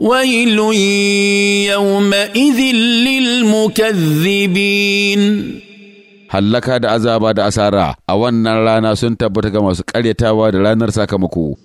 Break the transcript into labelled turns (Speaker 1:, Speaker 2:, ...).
Speaker 1: ويل يومئذ للمكذبين hallaka da azaba da asara a wannan rana sun tabbata ga
Speaker 2: masu ƙaryatawa da ranar sakamako.